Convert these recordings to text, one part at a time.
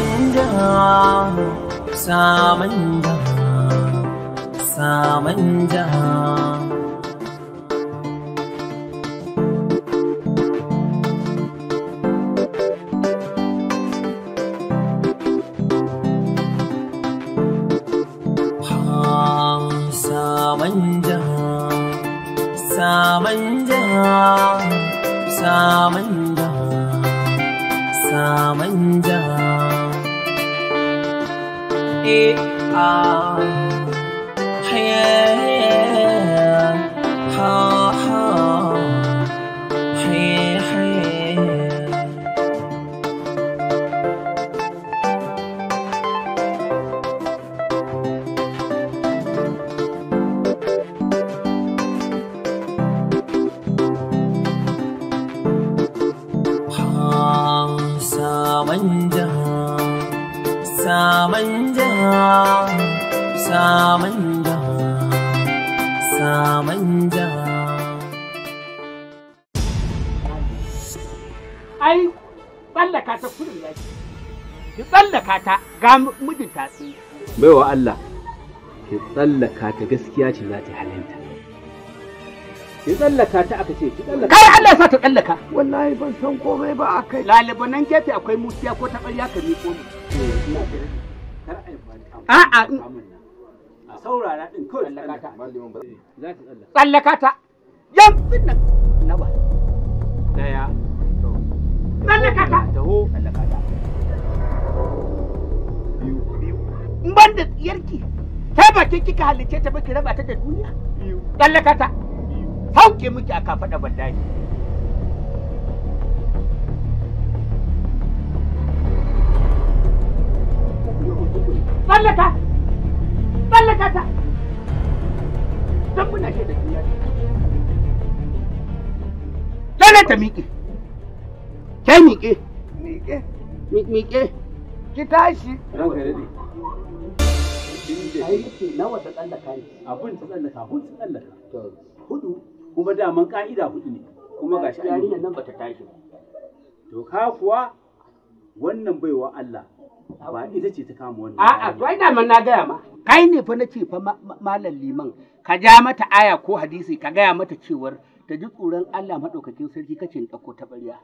samanda sa samanda samanja samanja samanja ai tsallaka ta kudin yaki ki tsallaka ta ga mijinta tsaye baiwa Allah ki tsallaka ta gaskiya ce za ta halinta ki tsallaka ta aka ce ki tsallaka kai Allah sa ta tsallaka wallahi ban san komai ba akai lalibanan gefe akwai mutiya ko tabarya ka ne ko a a a saurara din kawai tsallaka ta tsallaka ta yanzu nan nawa daya tsallaka ta taho tsallaka ta biyu biyu in ban da tsiyarki ta ba ke kika halice ta ba ki raba ta da duniya tsallaka ta hauke miki aka faɗa wallahi tsallaka tsallaka ta don muna shaida juna dole ta miƙe kai miƙe miƙe miƙe ki tashi ai nawa ta tsallaka ne abun ta tsallaka abun ta tsallaka hudu kuma daman ka'ida hudu ne kuma ga shi yarinyar nan bata tashi to ka kuwa wannan baiwa Allah ba ita ce ta kama wannan a'a to ai daman na gaya ma kai ne fa nace fa malam liman ka ja mata aya ko hadisi ka gaya mata cewar ta ji tsoron Allah madaukakin sarki kace ni dauko ta barya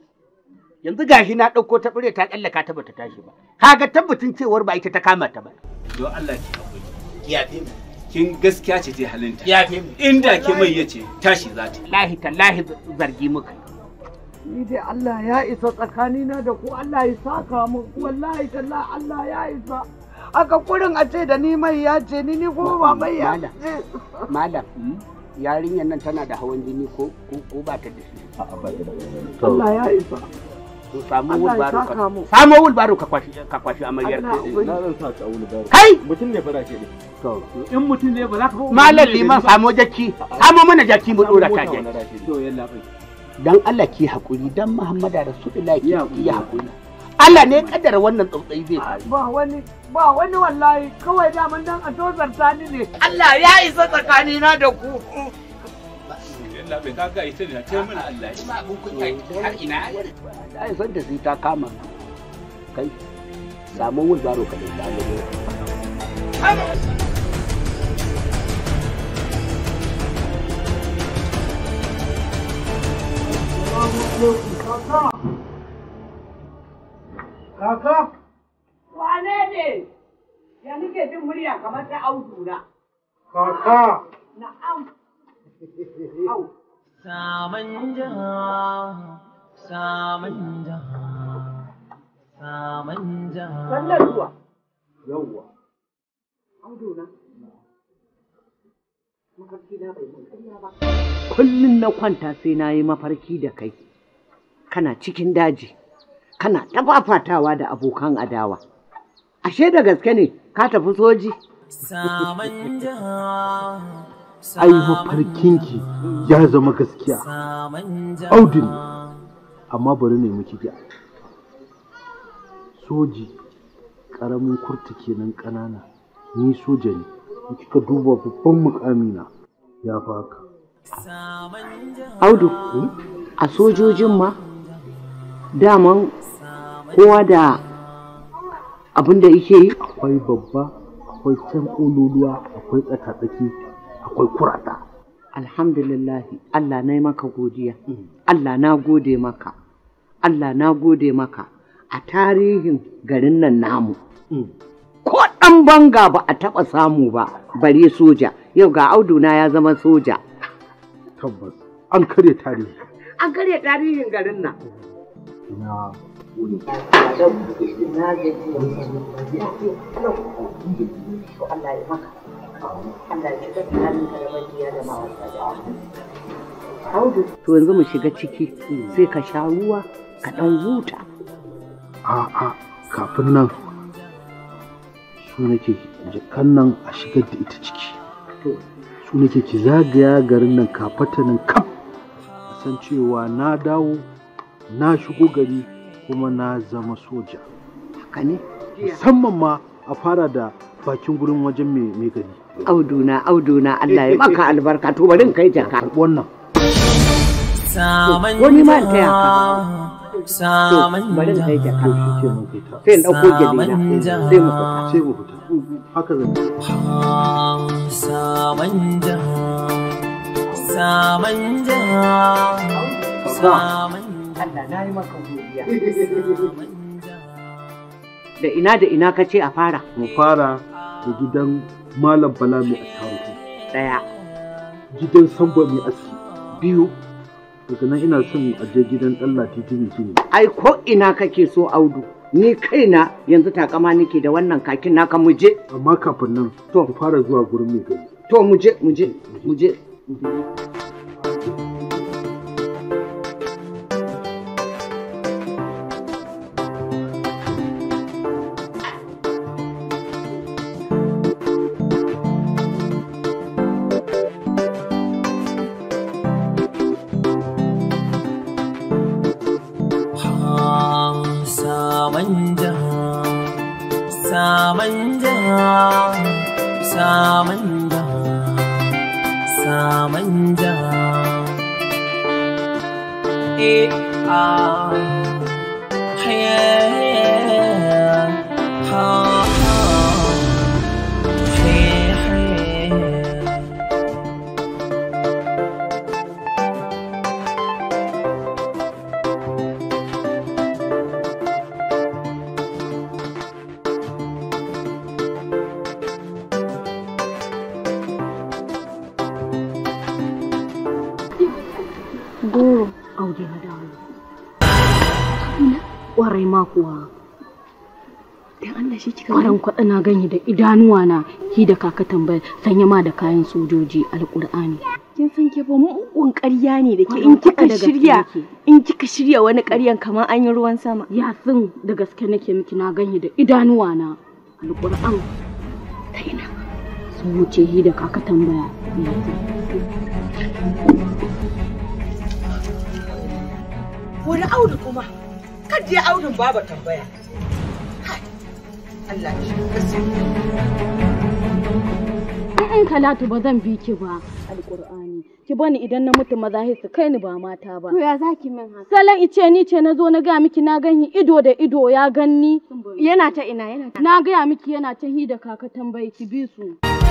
yanzu gashi na ɗauko ta ɓure ta tsallaka ta bata tashi ba kaga tabbatin cewar ba ita ta kama ta ba don Allah ki haƙuri ki yafe mu kin gaskiya ce ta halinta inda ke mai ya ce tashi za ta lahi tallahi zargi muka ni dai Allah ya isa tsakanina da ku Allah ya saka mu wallahi tallahi Allah ya isa aka kurin a ce da ni mai ya ce ni ni kuma ba mai ya malam yarinyar nan tana da hawan jini ko ba ta da shi Allah ya isa to samu wulbaro ka samu wulbaro ka kwashi ka kwashi amaryar ka na zan sa ta baro kai mutum ne fara ke ne to in mutum ne ba za ka malam liman samu jaki samu mana jaki mu dora ta jaki to yalla fa dan Allah ki hakuri dan Muhammadu Rasulullahi ki hakuri Allah ne kadar wannan tsautsayi zai ba wani ba wani wallahi kawai da mun dan a tozarta ni ne Allah ya isa tsakanina da ku Allah bai kaga ita ne ta mun Allah shi ma abun kunya har ina ai san da ta kama kai samu ka da Allah Kaka! Kaka! Wane ne? Ya jin murya kamar ta auduna. Kaka! Na'am. Saman na. Kullum na kwanta sai na yi mafarki da kai. Kana cikin daji. Kana ta fafatawa da abokan adawa. Ashe da gaske ne ka tafi soji. Saman jiha. ai mafarkinki ya zama gaskiya audin amma bari ne miki ga soji ƙaramin kurta kenan ƙanana ni soja ne ka duba babban mukamina ya baka audu hmm? a sojojin ma daman kowa da abin da yake yi akwai babba akwai can ƙololuwa akwai tsaka-tsaki akwai kurata alhamdulillah Allah na yi maka godiya Allah na gode maka Allah na gode maka a tarihin garin nan namu ko ɗan banga ba a taɓa samu ba bare soja yau ga auduna ya zama soja tabbas an karya tarihi an karya tarihin garin nan na wuri na gaji Allah ya maka To yanzu mu shiga ciki sai ka sha ruwa ka ɗan huta. A'a kafin nan su nake jikan nan a shigar da ita ciki. Su nake ki zagaya garin nan kafatanin kaf san cewa na dawo na shigo gari kuma na zama soja. Haka Musamman ma a fara da bakin gurin wajen mai gari. Auduna, auduna, Allah ya maka albarka, to bari in kai jaka. Wannan. Wani ma ta yaka. Bari in kai jaka. Sai in ɗauko gelina, sai mu fita. Sai mu fita. Haka zan. Samanja, samanja, Da ina da ina ka ce a fara? Mu fara da gidan malam bala mai attaruhu ɗaya gidan samba mai aski biyu daga nan ina son a je gidan ɗan latiti shi ne ai ko ina kake so audu ni kaina yanzu takama nake da wannan kakin naka mu je amma kafin nan to fara zuwa gurin mai gari to mu je mu je mu je đi ờ, à hey dan kwaɗa na ganye da idanuwa na ki da kaka tambaya sanya ma da kayan sojoji alƙur'ani kin san ke ba mun ƙarya ne da ke in kika shirya in kika shirya wani ƙaryan kamar an yi ruwan sama ya sun da gaske nake miki na ganye da idanuwa na alƙur'an kaina sun wuce hi da kaka tambaya wani auri kuma kan je ba ba tambaya Allah shi in talatu ba zan bi ki ba alƙur'ani ki bani idan na mutu maza su kai ni ba mata ba to ya zaki min haka salan ice ni ce na zo na ga miki na ganhi ido da ido ya ganni yana ta ina yana ta na ga miki yana ta hi da kaka tambayi ki bi su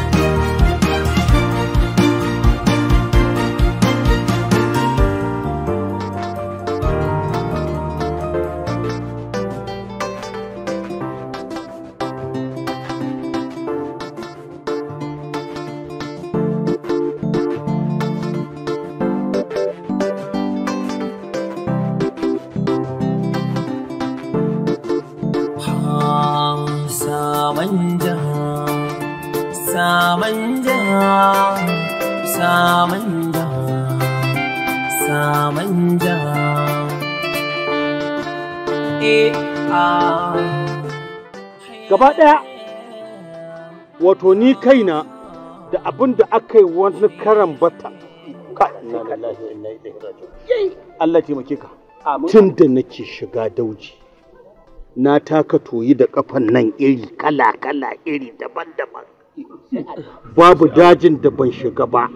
gaba ɗaya wato ni kaina da abin da aka yi wani karan bata Allah taimake ka tun da nake shiga dauji na taka toyi da kafan nan iri kala-kala iri daban-daban babu dajin da ban shiga ba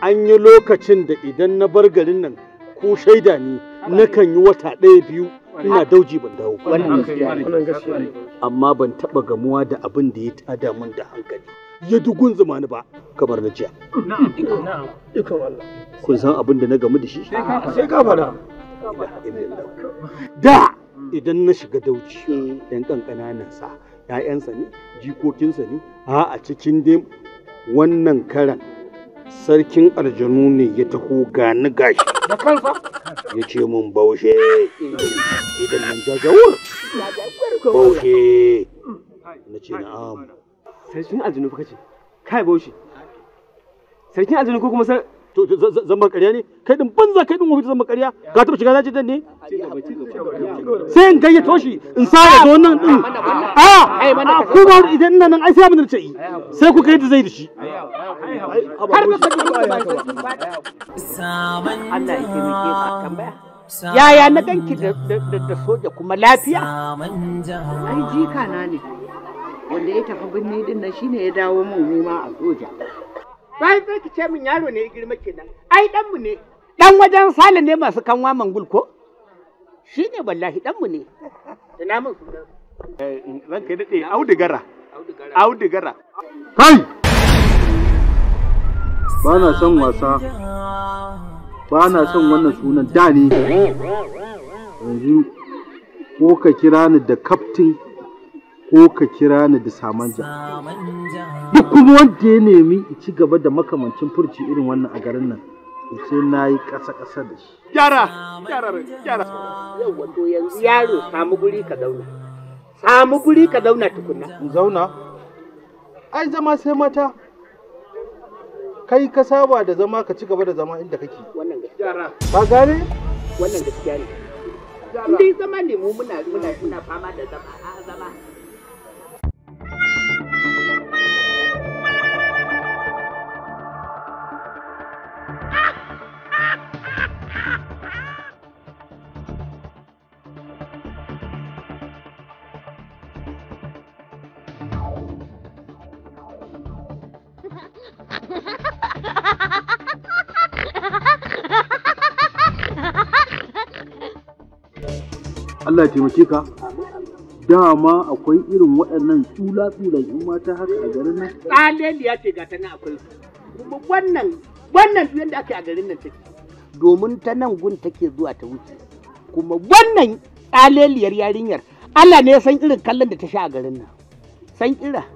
an yi lokacin da idan na bar garin nan ko shaida ne nakan yi wata ɗaya biyu ina dauji ban dawo amma ban taba gamuwa da abin da ya tada min da hankali ya dugun zamani ba kamar na jiya kun san abin da na gamu da shi sai ka fada da idan na shiga dauji kankana hmm. nan sa ƴaƴansa ne jikokinsa ne a a cikin dai wannan karan sarkin aljanu ne ya taho gani gashi da kansa ya ce mun baushe idan nan jajawar baushe na ce na'am sarkin aljanu fa kace kai baushe sarkin aljanu ko kuma to zamba ƙarya ne kai din banza kai din wofi zamba ƙarya ka taɓa shiga daji dan ne sai in gayyato shi in sa ya zo nan din a ah, ah, kuma idan ina nan ai sai mun da ce sai ku kai da zai da shi har da ta kuma Allah ya taimake ka tambaya yaya na ganki da soja kuma lafiya ai jika na ne wanda ya tafi birni din nan shine ya dawo mun ma a soja bayan zai ki ce min yaro ne girma kenan ai mu ne dan wajen sale ne masu kanwa mangul ko shine wallahi wallahi mu ne ina mun eh ran kai daɗe audigara audigara kai ba na son wasa ba na son wannan sunan da ne yanzu ko ka kira ni da kaftin ko ka kira ni da samanja duk kuma wanda ya nemi ci gaba da makamancin furci irin wannan a garin nan ce na yi ƙasa-ƙasa da shi gyara gyara gyara yau wato yanzu yaro samu guri ka zauna samu guri ka zauna tukunna in zauna ai zama sai mata kai ka saba da zama ka ci gaba da zama inda kake wannan gaskiya Ba gare? wannan gaskiya ne indai zama ne mu muna muna fama da zama a zama Allah ya taimake ka dama akwai irin waɗannan tsula tula in mata haka a garin nan tsaleli ya ce gata nan akwai wannan wannan yadda ake a garin nan take domin ta nan gun take zuwa ta wuce kuma wannan tsaleliyar yarinyar Allah ne ya san irin kallon da ta sha a garin nan san ira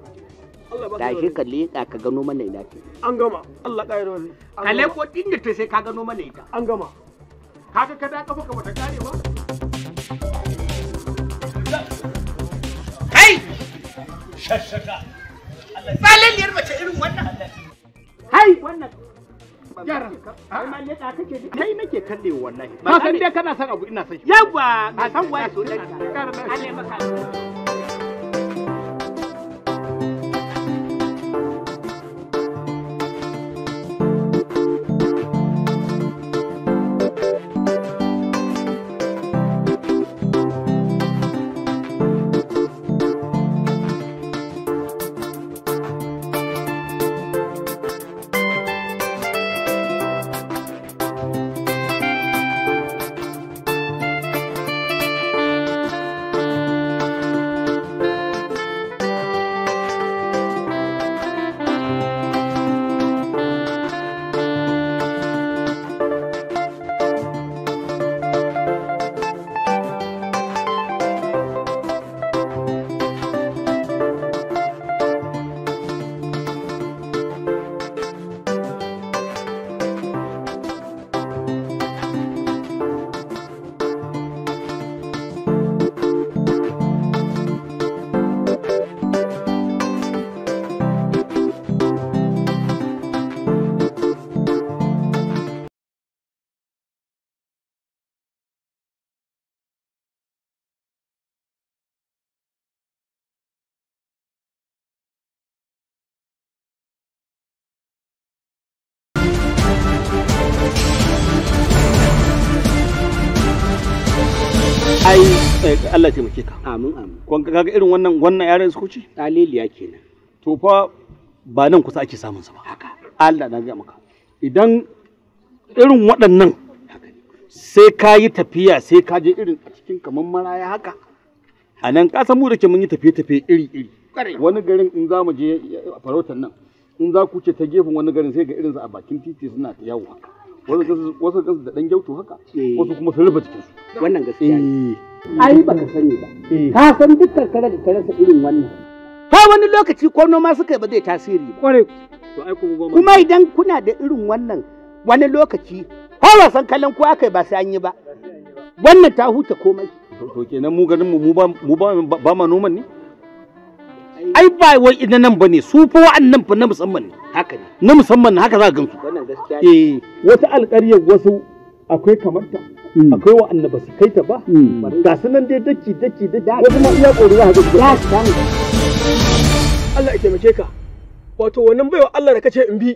da shi ka leƙa ka gano mana ina ce an gama Allah ƙayar wani ka leƙo ɗin da ta sai ka gano mana ita an gama kaga ka da kafa ka bata kare ba shashaka tsaliliyar mace irin wannan hai wannan yara ai ma leda kai nake wallahi ba san dai kana san abu ina san shi yawa san so dan maka Allah ya taimake ka amin amin kun ga irin wannan wannan yaren su kuci daliliya kenan to fa ba nan kusa ake samun sa ba haka Allah na ga maka idan irin waɗannan sai ka yi tafiya sai ka je irin a cikin kamar maraya haka a nan ka san mu da ke mun yi tafiye-tafiye iri-iri wani garin in za mu je eh, farautar nan in za ku ce ta gefen wani garin sai ga irinsa a bakin titi suna yawo haka wasu kasu da dan gyautu haka eh. wasu kuma sun rufe su wannan gaskiya ne eh. ai baka sani ba eh. ka san dukkan kare da kare irin wannan ko wani lokaci ko noma suka yi ba zai tasiri ba kuma idan kuna da irin wannan wani lokaci ko san kallon ku aka ba sai an yi ba wannan ta huta komai to kenan mu ganin mu ba ma noman ne ai ba wai ina nan bane su fa wa'annan fa na musamman haka ne na musamman ne haka za ka gansu eh wata alƙaryar wasu akwai kamar ta hmm. akwai wa'annan ba su kai ta ba hmm. ga su nan dai daki daki da wasu ma iya tsoro za ka ga Allah ya taimake ka wato wannan baiwa Allah da kace in bi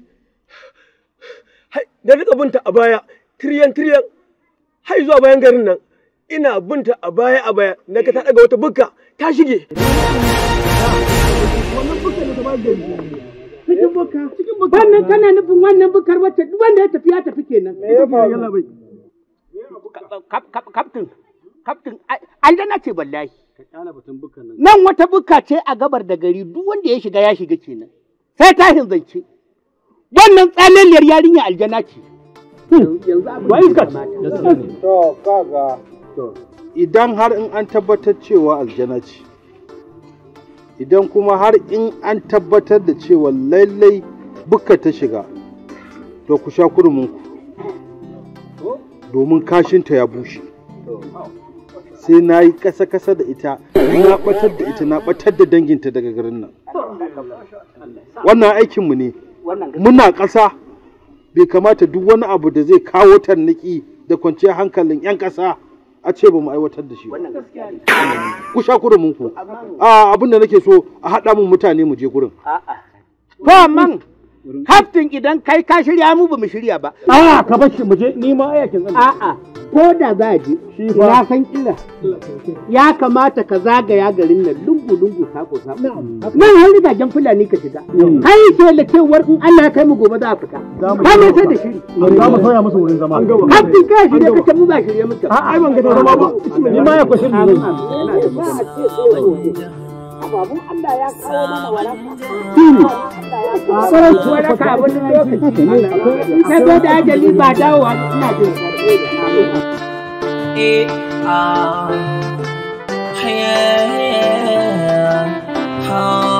da rika binta a baya tiriyan tiriyan har zuwa bayan garin nan ina binta a baya a baya na ka ta daga wata bukka ta shige cikin nufin wannan bukar wacce ce nan wata buka ce a gabar da gari duk wanda ya shiga ya shiga kenan sai ta zance wannan yarinya aljana ce idan har in an tabbatar cewa aljana ce idan kuma har in an tabbatar da cewa lallai bukka ta shiga to ku sha kurminku domin kashinta ya bushe sai na yi kasa-kasa da ita na batar da ita na batar da danginta daga garin nan wannan aikinmu ne muna ƙasa bai kamata duk wani abu da zai kawo tarniki da kwanciyar hankalin 'yan ƙasa a ce ba mu aiwatar da shi ku sha mun ku a ah, abin da nake so a haɗa mun mutane mu je gurin to amma haftin idan kai ka shirya mu ba mu shirya ba a'a ah, ka bar mu je ni ma ayakin zan a'a ko da za a je na san kira ya kamata ka zagaya garin nan lungu lungu sako sako nan har jan fulani ka shiga kai ke da cewar in Allah ya kai mu gobe za a fita ba mai sai da shiri za mu sauya musu wurin zama har din ka shirye kace mu ba shirye muka a ai ban ga zama ba ni ma ya kwashin ne ababun Allah ya kawo mana waraka. Shine. Kwarai waraka abin lokaci ne. zo da ajali ba dawowa ina jin Eh, ah, yeah,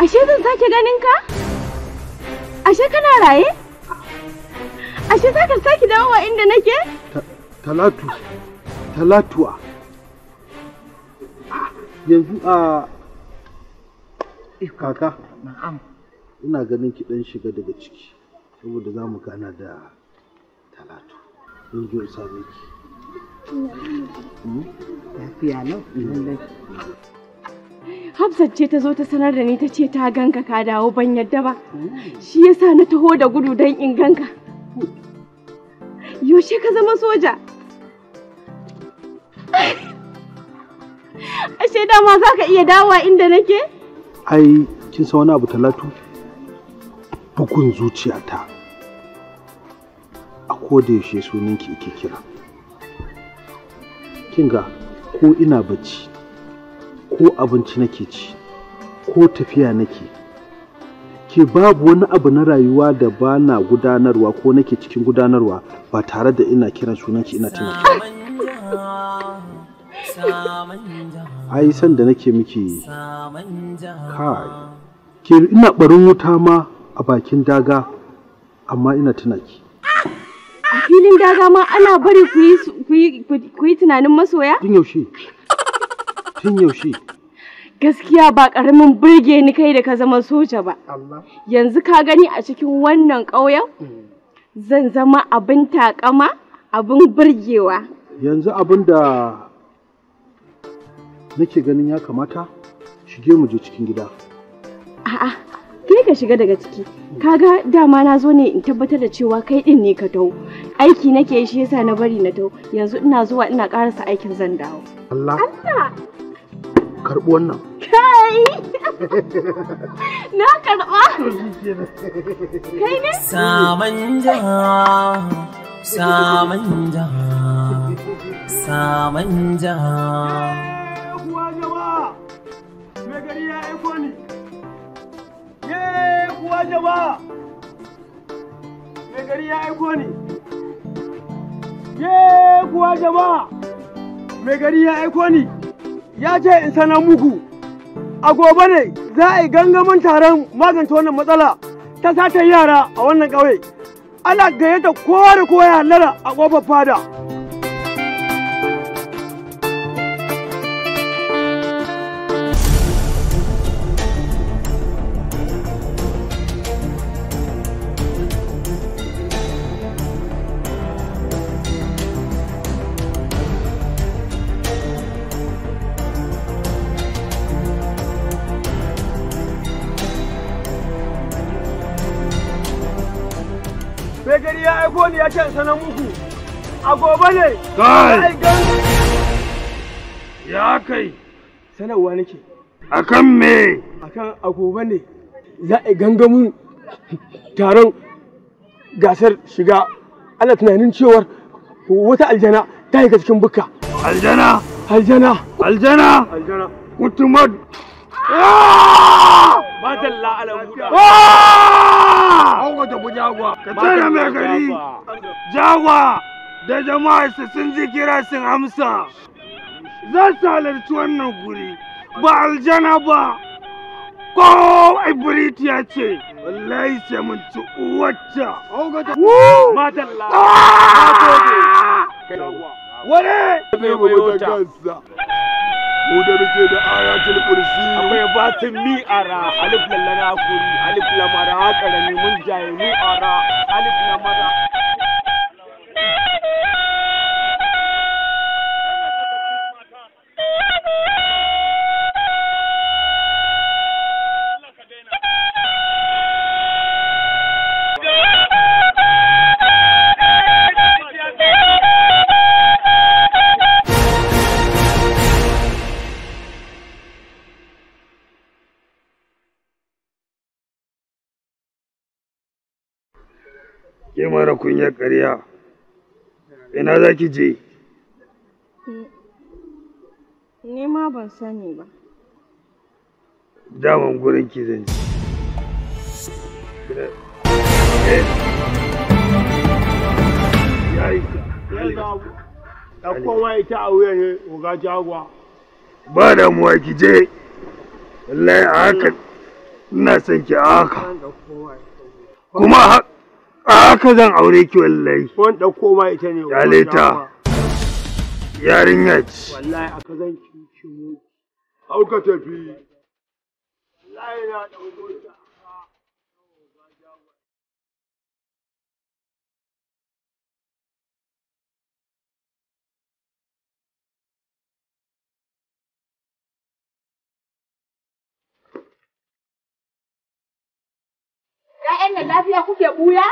Ashe zan sake ganin ka? Ashe kana raye? Ashe za ka sake dawowa inda nake? Talatu, talatuwa. Ah, yanzu a ah, eh, kaka, ina ganin ki dan shiga daga ciki, saboda za mu gana da talatu. Zan zo in same ki. Lafiya lau, mm. lallai. Hafsat ce ta zo ta sanar da ni ta ce ta ganka ka dawo ban yadda ba. Hmm. Shi yasa na taho da gudu don in ganka. Yaushe ka zama soja? Ashe dama za ka iya dawowa inda nake? Ai, kin san wani abu talatu? Bukun zuciyata. A koda yaushe sunanki ike kira. Kinga ko ina bacci ko abinci nake ci ko tafiya nake ke babu wani abu na rayuwa da ba na gudanarwa ko nake cikin gudanarwa ba tare da ina kiran sunanki ina taimaka ai san da nake miki kai ke ina barin wuta ma a bakin daga amma ina tuna ki a filin daga ma ana bari ku yi tunanin masoya? Din yaushe. Tun yaushe. Gaskiya ba ƙaramin burge ni kai da ka zama soja ba. Yanzu ka gani a cikin wannan ƙauyen? Hmm. Zan zama abin takama, abin burgewa. Yanzu abin da nake ganin ya kamata shige mu je cikin gida. A'a, ke ka shiga daga ciki. Kaga dama na zo ne in tabbatar da cewa kai din ne ka tau. Aiki nake shi yasa na bari na tau. Yanzu ina zuwa ina karasa aikin zan dawo. Allah. Allah. karɓi wannan kai na karɓa kai ne Saman saman samanja saman samanja eh, kuwa jama'a me gari ya aiko ni ye eh, kuwa jama'a me gari ya aiko ni ye eh, kuwa jama'a me gari ya aiko ni ya ce in sana muku a gobe ne za a yi gangamin taron magance wannan matsala ta satan yara a wannan ƙauye ana gayyata kowa da kowa ya hallara a ƙofar fada. A gobe ne. Kai. Ya kai. Sanarwa nake. Akan me? Akan a gobe ne. Za a gangamin taron gasar shiga. Ana tunanin cewar wata aljana ta yi cikin buka. Aljana. Aljana. Aljana. Aljana. Kutumar. Madalla alamuda. Ah! Hauka tafi jagwa. Ka tsaya mai gari. Jagwa. da jama'arsa sun ji kira sun amsa za su halarci wannan guri ba aljana ba ko ibrit ya ce wallahi sai mun ci uwata matalla ah! wane mai wuyota mu da muke da ayatul kursi akwai batin mi ara alif lallana kuri alif lamara karami mun jaye mi ara alif lamara kunyar ƙarya ina za ki je ni ma ban sani ba daman gurin ki zan je ba damuwa ki je wallahi a haka ina son ki a haka kuma haka zan aure ki wallahi ko in dauko ma ita ne yale ta yarinya ce wallahi aka zan ki ki mu auka tafi wallahi na dauko ta ‘Ya'yan nan lafiya kuke buya?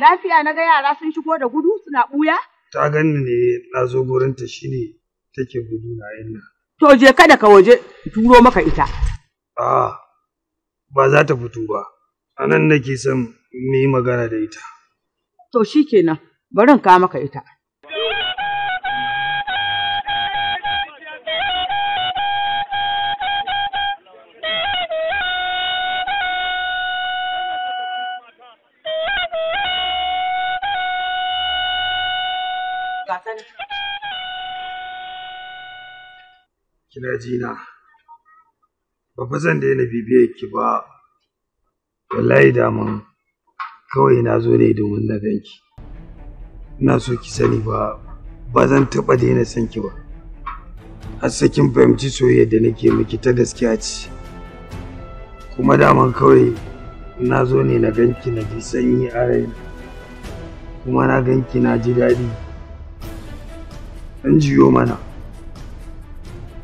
Lafiya na ga yara sun shigo da gudu suna buya. Ta ganni ne na zo gurinta shine take gudu na yin To je kada ka waje turo maka ita. A ba za ta fito ba. A nan nake son mu yi magana da ita. To shi bari in ka maka ita. na, ba fa zan daina bibiyar ki ba, wallahi daman kawai na zo ne domin na ganki. Ina so ki sani ba, ba zan taɓa daina son ki ba. Har sai fahimci soyayyar da nake miki ta gaskiya ce. Kuma daman kawai na zo ne na ganki na ji sanyi a rai Kuma na ganki na ji daɗi. An jiyo mana.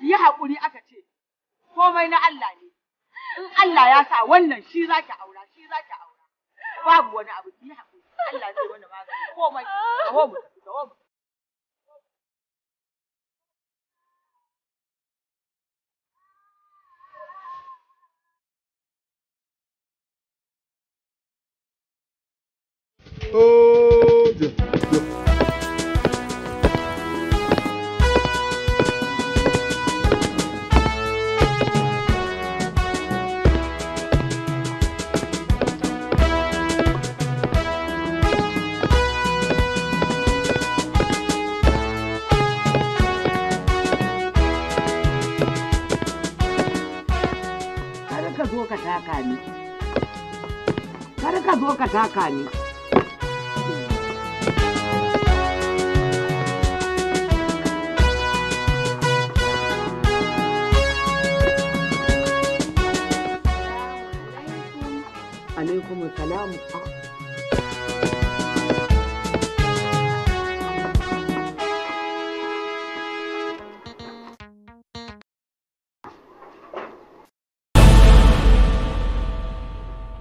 yi haƙuri aka ce, komai na Allah ne, in Allah ya sa wannan shi za ki aura, shi za ki aura, babu wani abu, yi haƙuri, Allah zai wani magani, komai, a homu. hana ni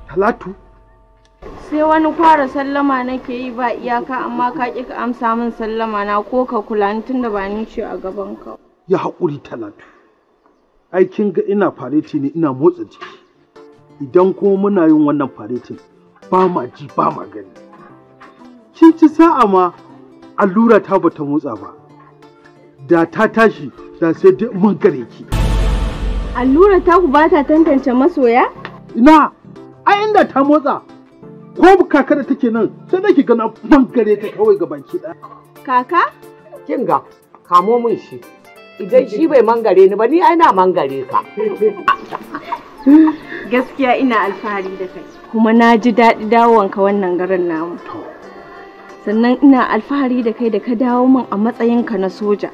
Talatu sai wani kwara sallama nake yi ba iyaka amma ka ƙi ka amsa min sallama na ko ka kula ni tunda ba ni ce a gaban ka ya haƙuri talatu ai kin ga ina fareti ne ina motsa jiki idan kuma muna yin wannan faretin ba ma ji ba ma gani kin ci sa'a ma allura ta bata motsa ba da ta tashi da sai dai mun gare ki allura ta ku ba ta tantance masoya ina ai inda ta motsa ko kaka da take nan sai nake gana gare ta kawai ga baki ɗaya. Kaka? Kinga, kamo min shi. Idan shi bai mangare ni ba ni ana mangare ka. Gaskiya ina alfahari da kai. Kuma na ji daɗi dawowanka wannan garin namu. Sannan ina alfahari da kai da ka dawo min a matsayinka na soja.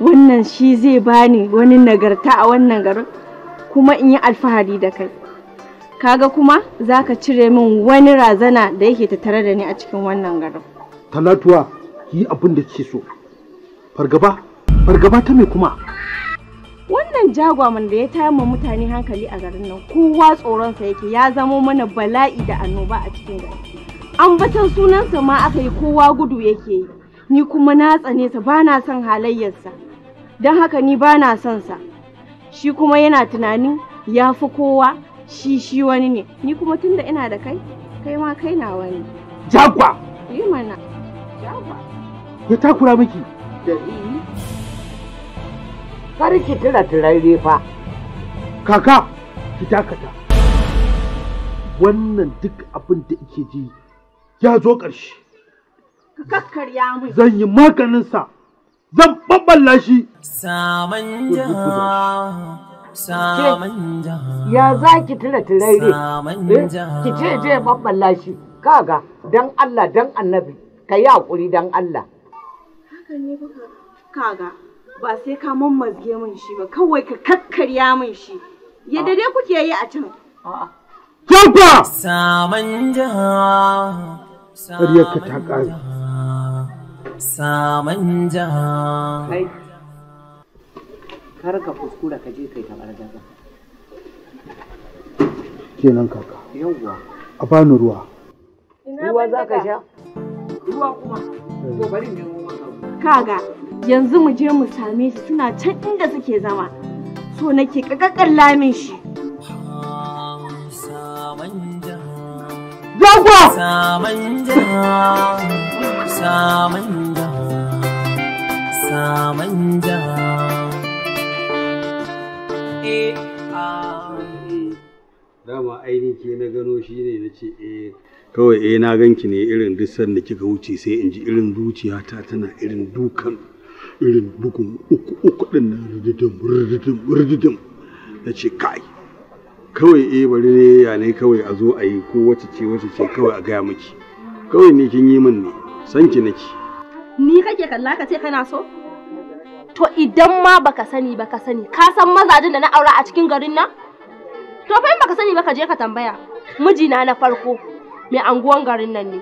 Wannan shi zai bani wani nagarta a wannan garin kuma in yi alfahari da kai. kaga kuma za ka cire min wani razana da yake tattare da ni a cikin wannan garin talatuwa yi abin da ke so fargaba fargaba ta me kuma wannan jagwaman da ya tayar ma mutane hankali a garin nan kowa tsoronsa yake ya zamo mana bala'i da annoba a cikin gari ambatan sunansa ma aka yi kowa gudu yake yi ni kuma na tsane sa ba na son halayyarsa don haka ni ba na son sa shi kuma yana tunanin ya fi kowa shi shi wani ne ni kuma tunda ina da kai kai ma kai na wani jagwa yi mana jagwa ya takura miki da kar ki tira turare fa kaka ki dakata wannan duk abin da ike ji ya zo ƙarshe ka kakkarya mu zan yi maganin sa zan babballa shi saman ya za ki tila tirare ki ce je babbala shi kaga dan Allah dan annabi ka yi haƙuri dan Allah haka ne kaga ba sai ka mammazge min shi ba kawai ka kakkarya min shi yadda dai kuke yi a can Yauwa! Saman jaha saman jaha saman jaha kar ka kuskura ka je kai tabar gaza kenan kaka yawwa a bani ruwa ruwa za ka sha ruwa kuma to bari ne kaga yanzu mu je mu same shi suna can inda suke zama so nake kakakkan lamin shi Yawwa! Saman saman saman eh dama ainihi na gano shi ne na ce eh kawai eh na ganki ne irin duk da kika wuce sai in ji irin zuciyata tana irin dukan irin bugun uku uku din na rididim rididim rididim na ce kai kawai eh bari ne ya ne kawai a zo a yi ko wace ce wace ce kawai a gaya miki kawai ne kin yi min ne san ki nake ni kake kalla ka ce kana so to idan ma baka sani baka sani ka san mazajin da na aura a cikin garin nan to fa in baka sani baka je ka tambaya mijina na farko mai anguwan garin nan ne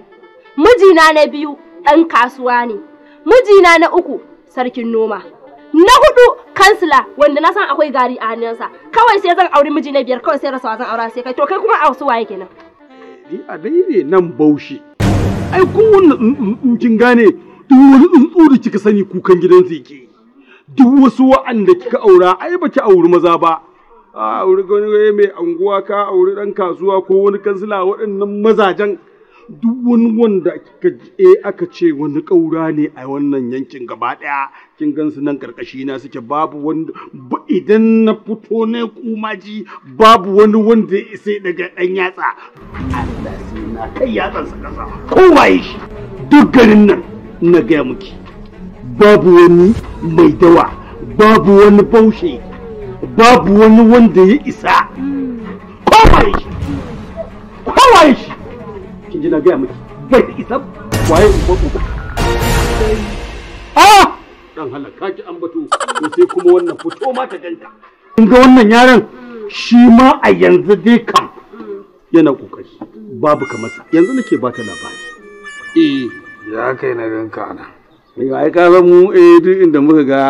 mijina na biyu dan kasuwa ne mijina na uku sarkin noma na hudu kansila wanda na san akwai gari a hannunsa kawai sai zan auri miji na biyar kawai sai rasa zan aura sai kai to kai kuma a wasu waye kenan ni a dai ne nan baushi ai kun in kin gane duk wani tsuntsu da kika sani kukan gidan zai duk wasu wa'anda kika aura ai baki auri maza ba a auri gani mai anguwa ka auri ɗan kasuwa ko wani kansila waɗannan mazajen duk wani wanda kika je eh, aka ce wani ƙaura ne a wannan yankin gaba ɗaya kin su nan karkashi na suke babu wanda idan na fito ne kumaji babu wani wanda ya sai daga ɗan yatsa Allah sai na kai yatsansa ƙasa kowaye shi duk garin nan na gaya muke. babu wani mai dawa babu wani baushe babu wani wanda ya isa kowaye shi kowaye shi kin ji na gaya miki bai da isa waye uba uba ah dan halaka ki bato to sai kuma wannan fito ma ta ganta kin ga wannan yaron shi ma a yanzu dai kam yana kokari babu kamar sa yanzu nake ba ta labari eh ya kai na ganka ana ai ka san mu eh duk inda muka ga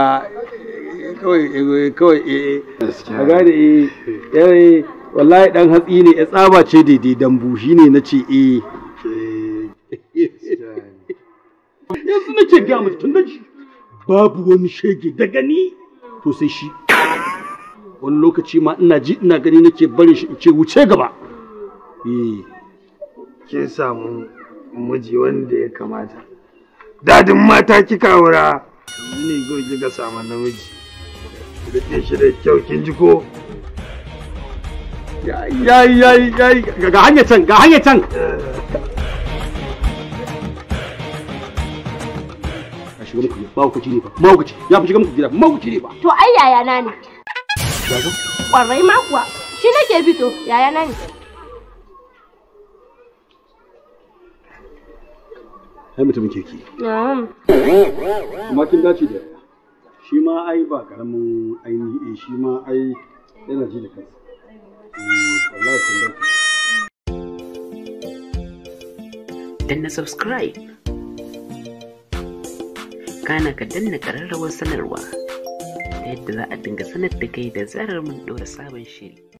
kawai eh, kawai eh, eh. ka gane eh eh, eh wallahi dan hatsi ne ya tsaba ce daidai dambu shine nace eh yanzu nake ga musu tun shi babu wani shege da gani to sai shi wani lokaci ma ina ji ina gani nake barin shi in ce wuce gaba eh kin samu miji wanda ya kamata dadin mata kika wura ni ne ga kika samu namiji rike shi da kyau kin ji ko yayi yayi yayi ga hanyar can ga hanyar can a shiga muku ba ku ci ne ba ma ku ci ya fi shiga muku gida ma ku ci ne ba to ai yaya na ne kwarai ma kuwa shi nake fito yaya na ne kai ke kirki amma kin dace da shi ma ai ba karamin aini ainihi eh, shi ma ai yana ji da kansa eh, wallahi kin dace na subscribe kana ka danna kararrawar sanarwa ta yadda za a dinga sanar da kai da zarar mun ɗora sabon shiri